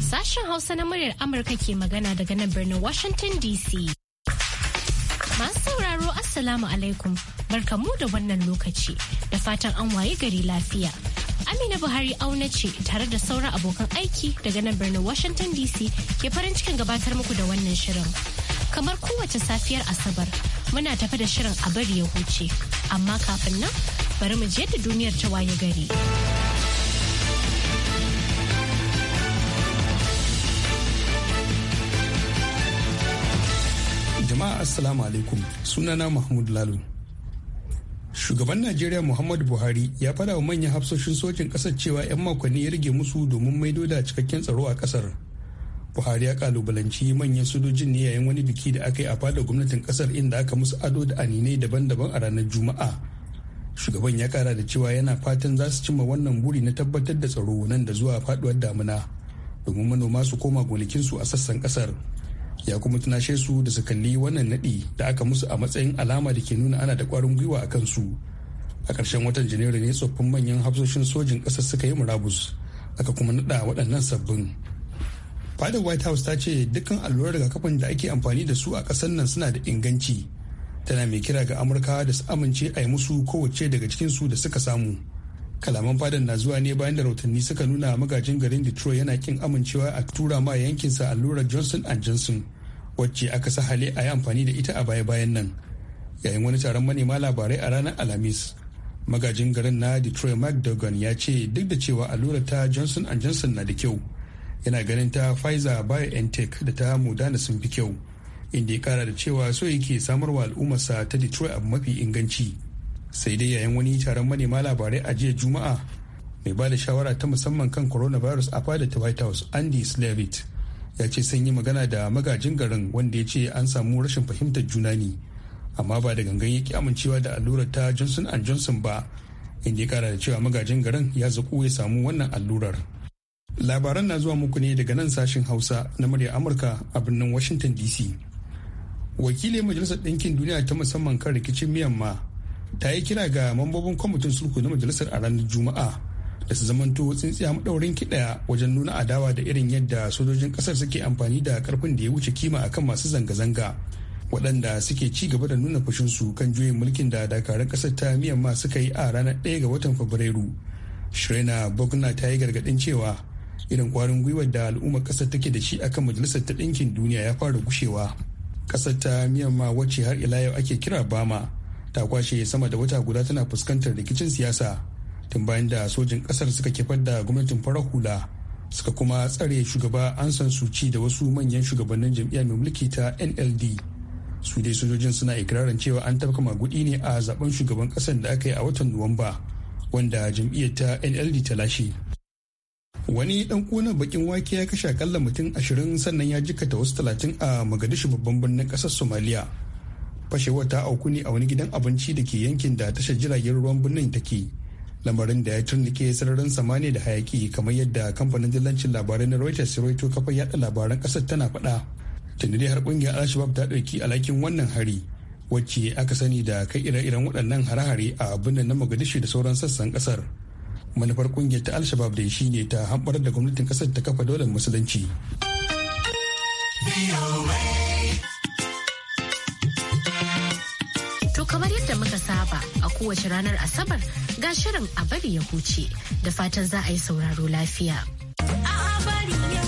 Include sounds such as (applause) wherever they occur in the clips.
Sashen Hausa na muryar Amurka ke magana daga nan birnin Washington DC. Masu sauraro Assalamu alaikum mu da wannan lokaci da fatan an waye gari lafiya. Amina Buhari auna ce tare da sauran abokan aiki daga nan birnin Washington DC ke farin cikin gabatar muku da wannan shirin. Kamar kowace safiyar Asabar muna tafi da shirin a bari ya huce, amma kafin nan bari mu je da duniyar ta waye gari. Jama'a Assalamu alaikum sunana Mahmud lalu shugaban najeriya muhammadu buhari ya fada wa manyan hafsoshin sojin kasar cewa 'yan makonni ya rage musu domin maido da cikakken tsaro a kasar buhari ya kalubalanci manyan sojojin ne yayin wani biki da aka yi a fadar gwamnatin kasar inda aka musu ado da aninai daban-daban a ranar juma'a shugaban ya kara da cewa yana fatan za su cimma wannan buri na tabbatar da tsaro nan da zuwa faduwar damuna domin manoma su koma gonakinsu a sassan kasar ya kuma tunashe su da su kalli wannan nadi da aka musu a matsayin alama da ke nuna ana da kwarin gwiwa a kansu a ƙarshen watan janairu ne tsoffin manyan hafsoshin sojin ƙasar suka yi murabus aka kuma nada waɗannan sabbin fadar white house ta ce dukkan allurar rigakafin da ake amfani da su a ƙasar nan suna da inganci tana mai kira ga amurka da su amince a yi musu kowace daga cikin su da suka samu kalaman fadar na zuwa ne bayan da rahotanni suka nuna magajin garin detroit yana kin amincewa a tura ma yankinsa allurar johnson and johnson wacce aka sa hale a yi amfani da ita a baya-bayan nan yayin wani taron manema labarai a ranar alhamis magajin garin na detroit mark ya ce duk da cewa allurar ta johnson and johnson na da kyau yana ganin ta pfizer biontech da ta moderna sun fi kyau inda ya kara da cewa so yake samarwa al'ummarsa ta detroit abu mafi inganci sai dai yayin wani taron manema labarai a jiya juma'a mai ba da shawara ta musamman kan coronavirus a fadar ta white house andy slavitt ya ce sun yi magana da magajin garin wanda ya ce an samu rashin fahimtar juna ne amma ba da gangan ya amincewa da allurar ta johnson and johnson ba inda ya kara da cewa magajin garin ya zaku ya samu wannan allurar labaran na zuwa muku ne daga nan sashen hausa na murya amurka a birnin washington dc wakilin majalisar ɗinkin duniya ta musamman kan rikicin miyamma ta yi kira ga mambobin kwamitin Sulku na majalisar a ranar juma'a da su zamanto tsintsiya maɗaurin kiɗaya wajen nuna adawa da irin yadda sojojin ƙasar suke amfani da ƙarfin da ya wuce kima akan masu zanga-zanga waɗanda suke ci gaba da nuna fushinsu kan juyin mulkin da dakarun ƙasar ta miyamma suka yi a ranar ɗaya ga watan fabrairu shirina bogna ta yi gargaɗin cewa irin kwarin gwiwar da al'ummar kasar take da shi akan majalisar ta ɗinkin duniya ya fara gushewa kasar ta miyamma wacce har ila yau ake kira bama ta kwashe sama da wata guda tana fuskantar rikicin siyasa tun bayan da sojin kasar suka kifar da gwamnatin farar hula suka kuma tsare shugaba an san suci da wasu manyan shugabannin jam'iyyar mai mulki ta nld su dai sojojin suna ikirarin cewa an tafka magudi ne a zaben shugaban kasar da aka yi a watan nuwamba wanda jam'iyyar ta nld ta lashe wani dan kunan bakin wake ya kashe akalla mutum ashirin sannan ya jikata wasu talatin a magadishu babban birnin kasar somaliya fashewar ta auku ne a wani gidan abinci da ke yankin da tashar jiragen ruwan birnin take lamarin da ya turnike sararin samani da hayaki kamar yadda kamfanin dillancin labarai na reuters roito kafar yada labaran kasar tana faɗa tuni dai har kungiyar alshabab ta ɗauki alhakin wannan hari wacce aka sani da kai ire-iren waɗannan hare-hare a birnin na mogadishu da sauran sassan ƙasar manufar kungiyar ta alshabab da shi ne ta hamɓar da gwamnatin kasar ta kafa dole musulunci to kamar yadda muka saba a kowace ranar asabar ga shirin a bari ya huce da fatan za a yi sauraro lafiya a bari ya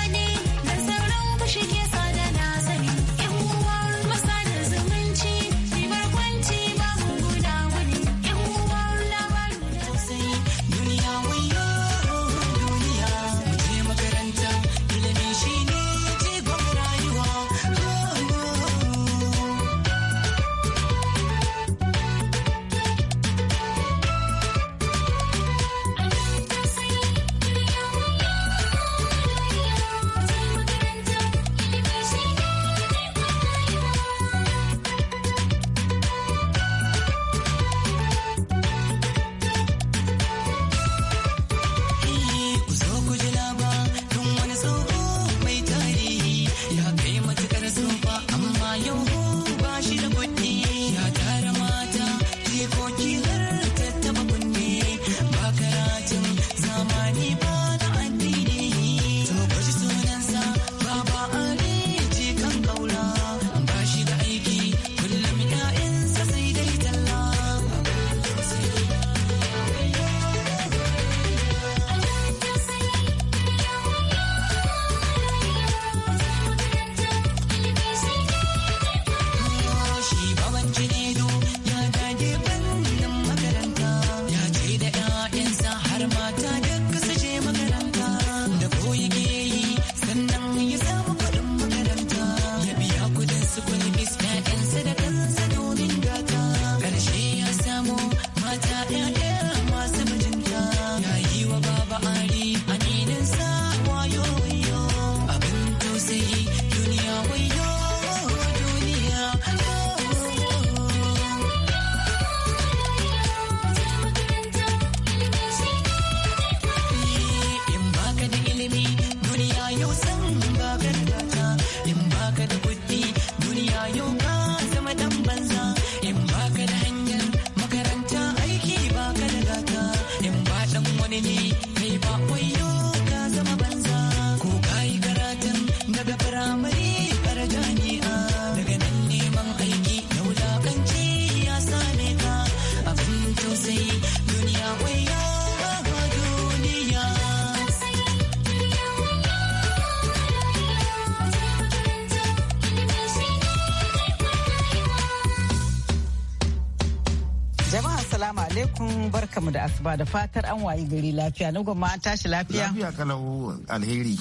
Ba da fatar an wayi gari lafiya na gwamma an tashi lafiya lafiya kalau alheri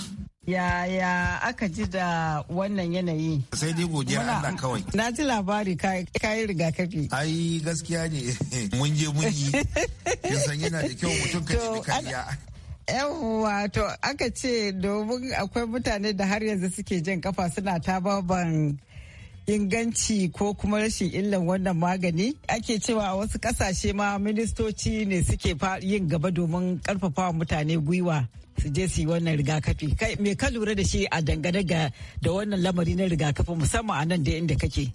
yaya aka ji da wannan yanayi sai dai godiya Allah kawai na ji labari kayi rigakafi ai gaskiya ne (laughs) mun je mun yi san yana da kyau mutum ka ji kariya yawwa to aka ce domin akwai mutane da har yanzu suke jin kafa suna ta baban inganci ko kuma rashin illan wannan magani ake cewa a wasu kasashe ma ministoci ne suke yin gaba domin karfafa mutane gwiwa su je su yi wannan rigakafi me ka lura da shi a dangane da wannan lamari na rigakafi musamman a nan da inda kake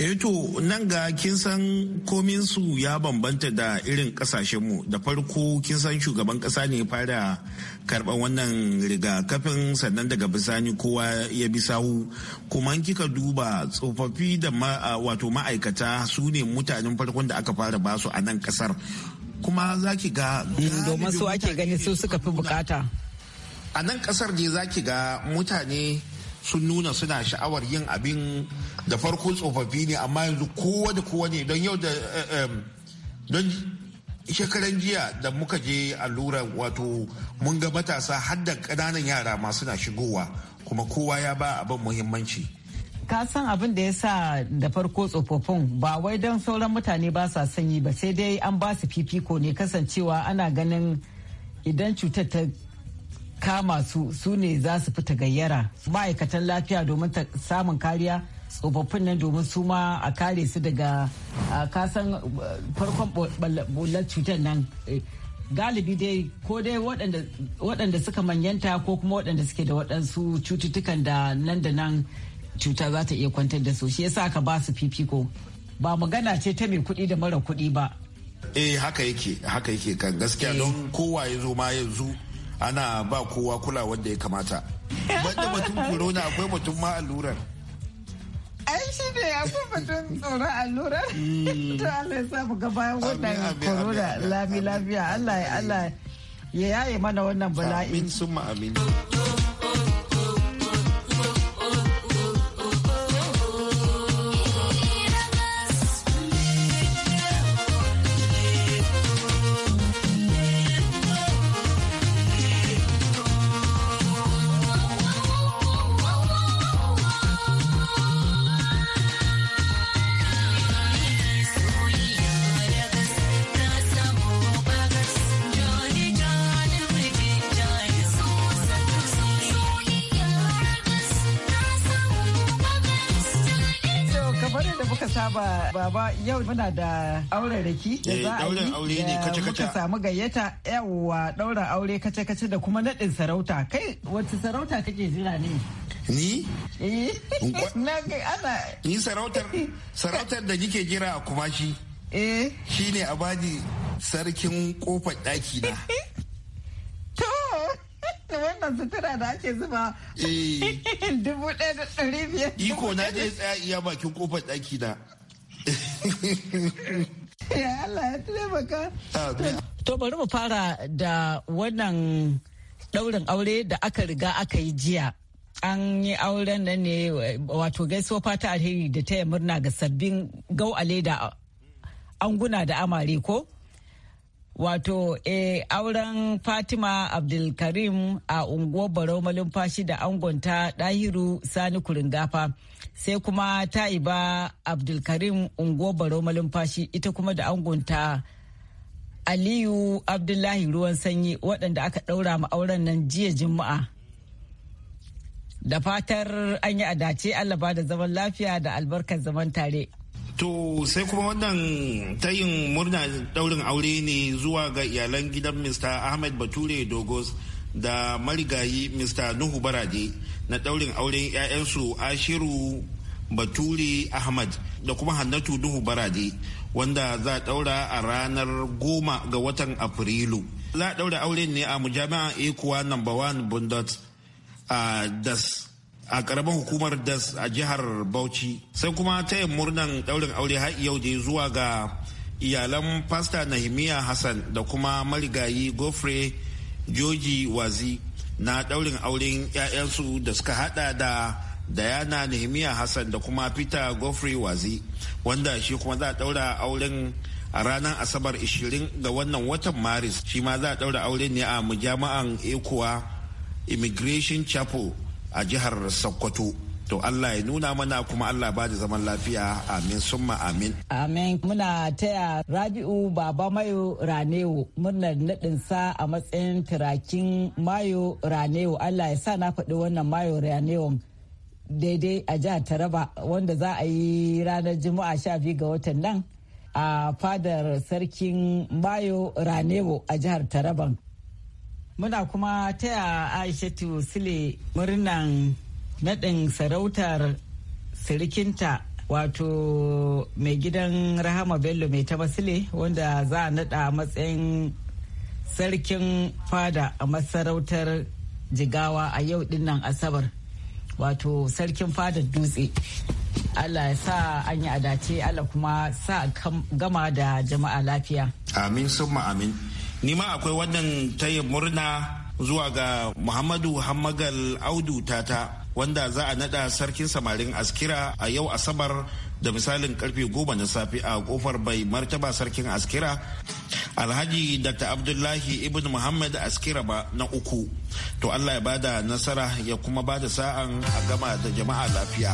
Eh to nan ga kin san komin su ya bambanta da irin kasashenmu da farko kin san shugaban kasa ne fara karban wannan rigakafin sannan daga bisani kowa ya bi sahu kuma kika duba tsofaffi da wato ma'aikata su ne mutanen farkon da aka fara basu a nan kasar kuma za ki ga mm, domin su ake gani su suka fi bukata a nan kasar ne za ki ga mutane sun nuna suna sha'awar yin abin da farko tsofaffi ne amma yanzu kowa da kowa ne don yau da eh, don shekaran jiya da muka je allura wato mun ga matasa har da ƙananan yara ma suna shigowa kuma kowa ya ba abin muhimmanci ka san abin da ya sa da farko tsofaffin ba wai don sauran mutane ba sa sanyi ba sai dai an ba su fifiko ne kasancewa ana ganin idan cutar ta kama su su ne za su fita gayyara ma'aikatan lafiya domin samun kariya tsofaffin nan domin su ma a kare su daga kasan uh, farkon bullar cutar nan eh, galibi dai ko dai waɗanda suka manyanta ko kuma waɗanda suke da waɗansu cututtukan da nan da nan cuta za ta iya kwantar da su shi yasa ka ba su fifiko ba magana ce ta mai kuɗi da mara kuɗi ba eh haka yake haka yake kan gaskiya eh. don kowa ya zo ma yanzu ana ba kowa kula wanda ya kamata (laughs) banda batun corona akwai batun ma allurar ai shi ne ya kuma batun tsoron allurar (laughs) mm. to Allah ya samu ga bayan wannan corona lami lafiya Allah ya yaye mana wannan bala'i amin sun amin baba yau muna da aure raki da eh, za a yi da muka samu gayyata yawa daura aure kace-kace da kuma naɗin sarauta kai wata sarauta kake jira ne ni? Eh, (laughs) ni sarautar sarautar da kike jira a kumashi eh. shi ne a bani sarkin kofar ɗaki na (laughs) wannan sutura da ake zuba (laughs) dubu ɗaya da ɗari biyar iko na je tsaya iya bakin kofar ɗaki na to bari mu fara da wannan daurin aure da aka riga aka yi jiya an yi auren nan ne wato gaisuwa fata alheri da taya murna ga sabbin gauale da anguna da amare ko wato e auren fatima abdulkarim a unguwar barau malumfashi da angonta dahiru sani kuringafa sai kuma ta'iba abdulkarim unguwar barau malumfashi ita kuma da angonta aliyu abdullahi ruwan sanyi waɗanda aka ɗaura ma auren nan jiya juma'a da fatar an yi adace allah ba da zaman lafiya da albarkar zaman tare To sai kuma wannan ta yin murna daurin aure ne zuwa ga iyalan gidan Mr. Ahmed Bature Dogos da marigayi Mr. Nuhu Barade na daurin auren 'ya'yansu Ashiru Bature ahmed da kuma Hannatu Nuhu Barade wanda za a daura a ranar goma ga watan Afrilu. Za a daura auren ne a mujami'a ikuwa number one Bundot a Das a karamin hukumar das a jihar bauchi sai kuma taya murnan daurin aure har yau da zuwa ga iyalan pasta nahimiya hassan da kuma marigayi gofre joji wazi na daurin auren 'ya'yansu da suka hada da dayana nahimiya hassan da kuma peter gofre wazi wanda shi kuma za a daura auren a ranar asabar 20 ga wannan watan maris shi ma za a daura aure ne a mujama'an ekuwa immigration chapel a jihar sokoto to Allah ya nuna mana kuma Allah ba da zaman lafiya amin summa amin. Amin muna taya Rabi'u Baba Mayo Ranewo murnar naɗin sa a matsayin turakin Mayo Ranewo Allah ya sa na faɗi wannan Mayo Ranewo daidai a jihar Taraba wanda za a yi ranar Juma'a sha biyu ga watan nan a fadar sarkin Mayo Ranewo a jihar Taraban. Muna kuma taya Aishatu Sule murnan naɗin sarautar sirikinta wato mai gidan Rahama Bello mai taba Sule wanda za a naɗa matsayin sarkin fada a masarautar jigawa a yau dinnan asabar wato sarkin fadar dutse Allah ya sa an yi adace Allah kuma sa gama da jama'a lafiya. Amin summa amin. nima akwai wannan tayin murna zuwa ga muhammadu hammagal audu tata wanda za a nada sarkin samarin askira a yau asabar da misalin karfe goma na safe a kofar bai martaba sarkin askira alhaji dr abdullahi ibn muhammad askira ba na uku to allah ya bada nasara ya kuma bada sa'an a gama da jama'a lafiya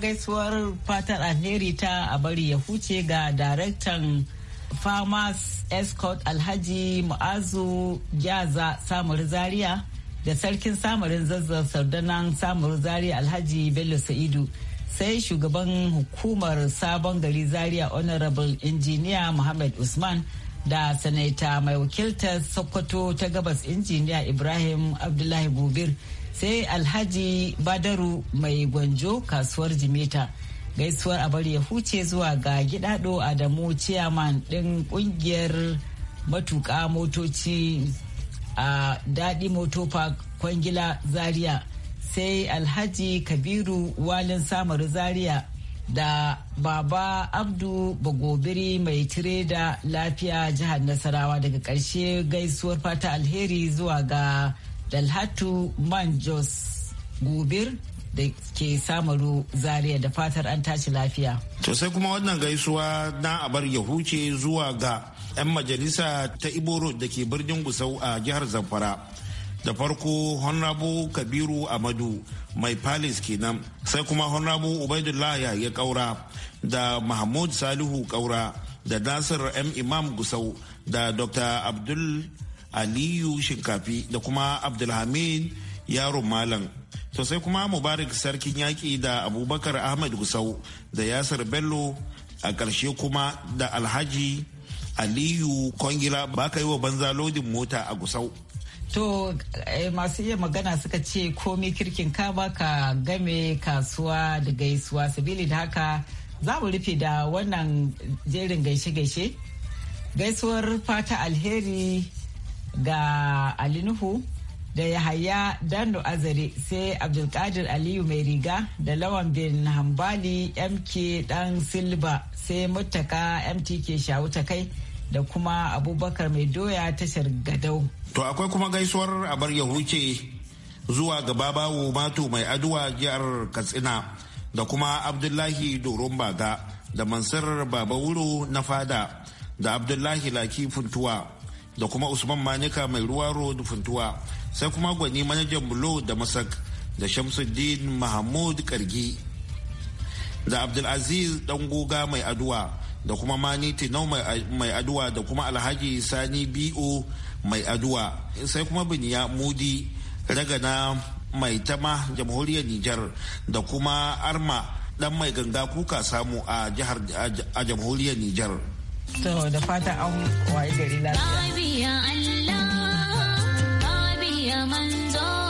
gaisuwar fatar alheri ta a bari ya huce ga daraktan farmers escort alhaji mu'azu gyaza samur zaria da sarkin samarin zazzar sardanan samur zaria alhaji bello sa'idu sai shugaban hukumar sabon gari zaria honorable engineer muhammad usman da sanaita mai wakiltar sokoto ta gabas injiniya ibrahim abdullahi bubir. sai alhaji badaru mai gwanjo kasuwar jimeta gaisuwar abar bari ya huce zuwa ga gidado adamu ciyaman din kungiyar matuka motoci a daɗi moto park kwangila zaria sai alhaji kabiru walin samar zaria da baba abdu bagobiri mai tire da lafiya jihar nasarawa daga ƙarshe gaisuwar fata alheri zuwa ga dalhatu manjos Gubir da ke samaru zaria da fatar an tashi lafiya. To sai kuma wannan gaisuwa na abar ya huce zuwa ga 'yan majalisa ta Iboro da ke birnin Gusau a jihar Zamfara. Da farko honrabu Kabiru Amadu mai Palace kenan sai kuma honrabu Ubaidullah ya kaura da Mahmud Salihu kaura da Nasir M Imam Gusau da Dr. Abdul aliyu shinkafi da kuma abdulhamid yaron malam to sai kuma mubarak sarkin yaƙi da abubakar ahmad gusau da yasir bello a ƙarshe kuma da alhaji aliyu kwangila ba ka yi wa banza lodin mota a gusau To eh, masu iya magana suka ce komai kirkin ka baka game kasuwa da gaisuwa sabili da haka za mu rufe da wannan jerin gaishe-gaishe gaisuwar fata alheri ga alinuhu da yahaya dando azare sai abdulkadir aliyu mai riga da lawan bin hambali mk dan silba sai mutaka mtk shawuta kai da kuma abubakar mai doya tashar gadau to akwai kuma gaisuwar abar ya huce zuwa ga babawo mato mai aduwa giyar katsina da kuma abdullahi doron baga da mansar baba wuro na fada da abdullahi laki funtuwa da kuma usman manika mai ruwa road funtuwa sai kuma gwani manajan bulo da masak da shamsuddin mahmud kargi da abdulaziz goga mai aduwa da kuma mani tinau mai aduwa da kuma alhaji sani bo mai aduwa sai kuma biniya mudi ragana mai tama jamhuriyar nijar da kuma arma dan mai ganga kuka samu a jamhuriyar nijar To da fata an waye gari lafiya. Babiya Allah, babiya manzo.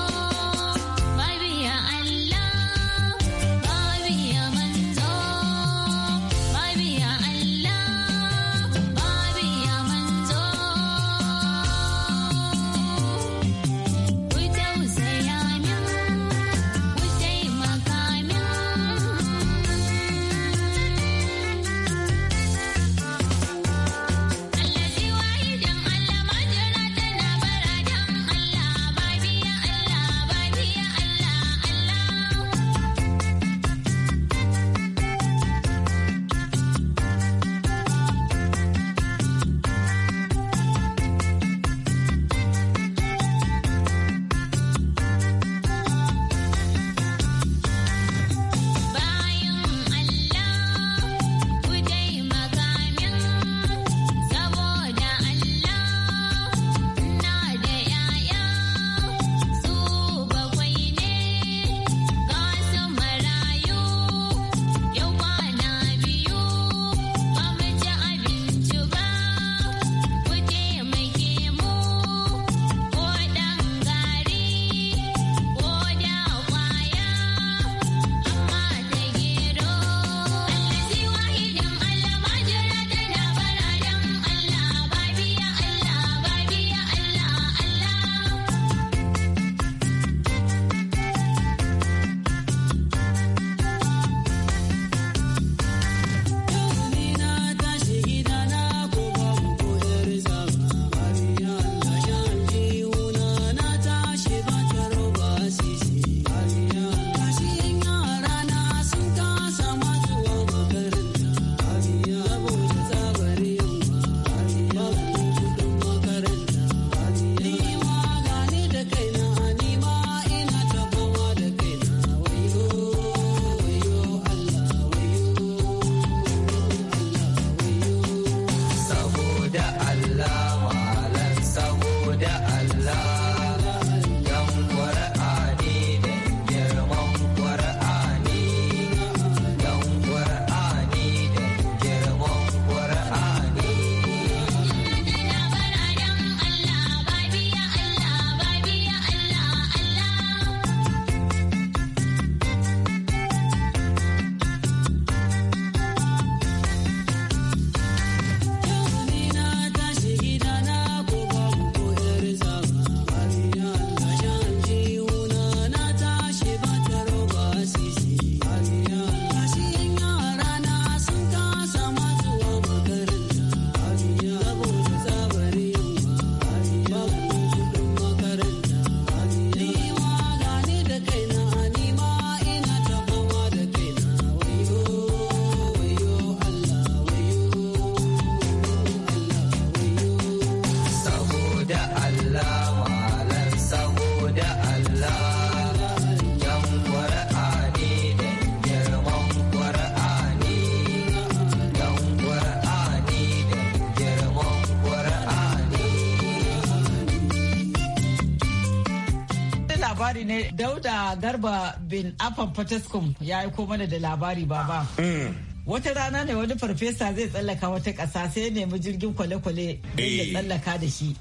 garba bin afan fataskum ya aiko mana da labari ba mm. Wata rana ne wani farfesa zai tsallaka wata ƙasa sai ya nemi jirgin kwale-kwale ya eh. tsallaka da shi.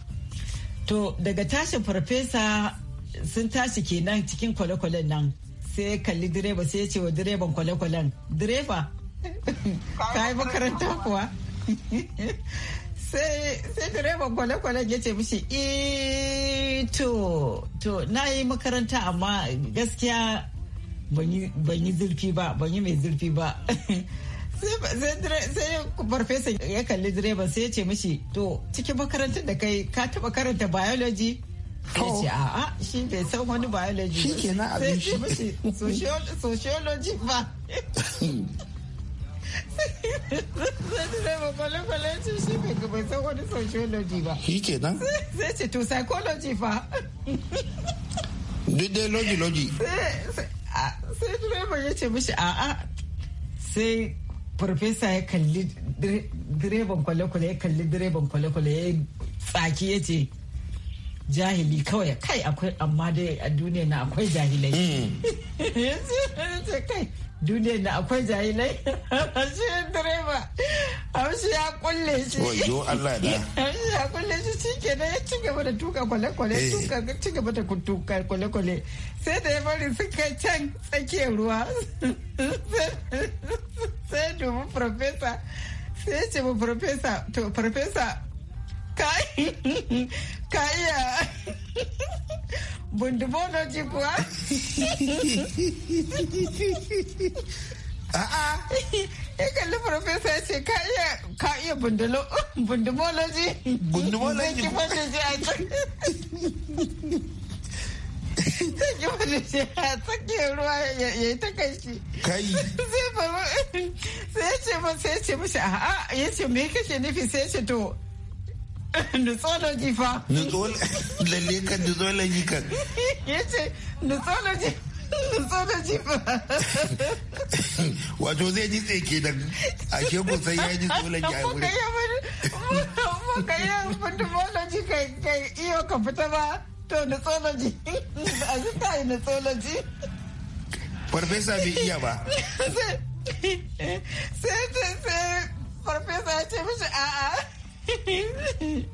To daga tashin farfesa sun tashi kenan cikin kwale-kwalen nan sai kalli direba sai ya ce wa direban kwale-kwalen direba (laughs) ka yi makaranta kuwa sai direban kwale kwale ya ce mishi eh, to to na yi makaranta amma gaskiya ban yi zurfi ba ban yi mai zurfi ba (laughs) sai farfesa ya kalli direban sai ya ce mishi to cikin makarantar da kai ka taba karanta biology ya ce a'a shi bai san wani biology ba sai ya ce mishi sociology ba (laughs) direba kwale-kwale ce shi bai san wani ba. Shi ke nan? Sai ce to psychology fa. Duk dai logi-logi. Sai direba ya ce mishi a'a sai farfesa ya kalli direban kwale-kwale ya kalli direban kwale-kwale ya tsaki ya ce jahili kawai kai akwai amma dai a duniya na akwai jahilai. Hmm. (laughs) Ya ce kai duniya na akwai jahilai a (laughs) shi direba haushi ya kulle shi wajo Allah da ya kulle shi shi ke ya ci gaba da tuka kwale-kwale eh. ci gaba da tuka kwale-kwale sai da ya bari suka can tsakiyar ruwa (laughs) sai domin farfesa sai ce ma farfesa to farfesa kai kai ya ka iya ji kuwa a a Ya kalli farfesa ya ce ka iya ka iya bundulo bundumoloji. Bundumoloji. Zai kifar da shi a Zai kifar da shi a tsakiyar ruwa ya yi ta kai shi. Kai. Sai ce ba sai ya ce mishi a ya ce me kake nufi sai ce to (laughs) nutsology fa lalle kan nutsology kan (laughs) ya ce nutsology ji fa (laughs) wato zai ji tseke da ashe ku sai ya ji tsology a wurin ka yi nutsology ka iyo ka fita ba to ji. a zika yi nutsology farfesa bai iya ba sai sai farfesa ya ce mishi a'a to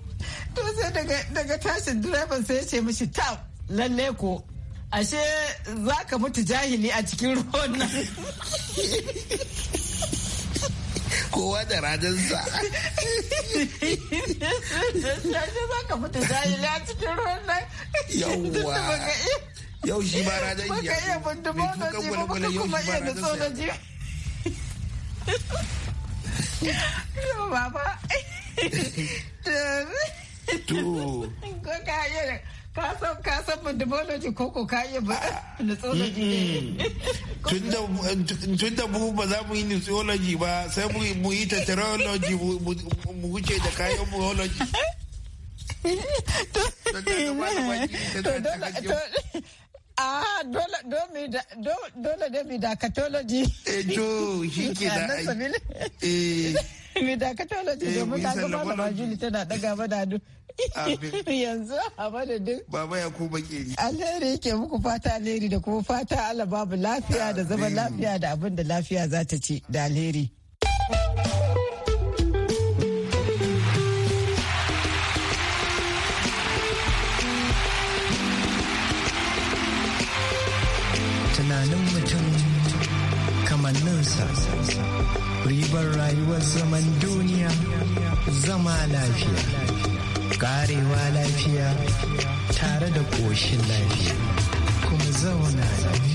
sai daga tashin direban sai ce mishi ta lalle ko ashe za ka mutu jahili a cikin ruwan nan kowa da radansa ashe za ka mutu jahili a cikin ruwan nan yawwa (laughs) yau shi ba radan ya baka iya bindimo da ji ba baka kuma iya nutso da ji yau baba To. Ko ka yi ka san methodology ko ko ka yi ba nutsology tun da mu ba za mu yi nutsology ba sai mu yi tetralogy mu wuce da kayan muology. (laughs) Ah, dole dole dole da mi dakatology. Eh to shi ke da. Eh. (laughs) Mi dakatology eh, domin ka ga malama Juli tana daga du (laughs) Yanzu a duk. Baba ya kuma keri. Alheri yake muku fata alheri da kuma fata Allah babu lafiya da zaman lafiya da abin da lafiya za ta ci da alheri. tunanin mutum kamanninsa ribar rayuwar zaman duniya zama lafiya karewa lafiya tare da ƙoshin lafiya kuma zauna lafiya